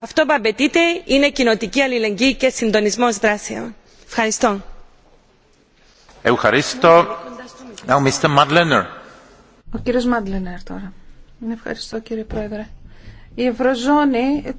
Αυτό που απαιτείται είναι κοινοτική αλληλεγγύη και συντονισμός δράσεων. Ευχαριστώ. Ευχαριστώ. Now, Mr. Madlener. Ο κύριος Μάντλενερ τώρα. Ευχαριστώ κύριε Πρόεδρε. Η Ευρωζώνη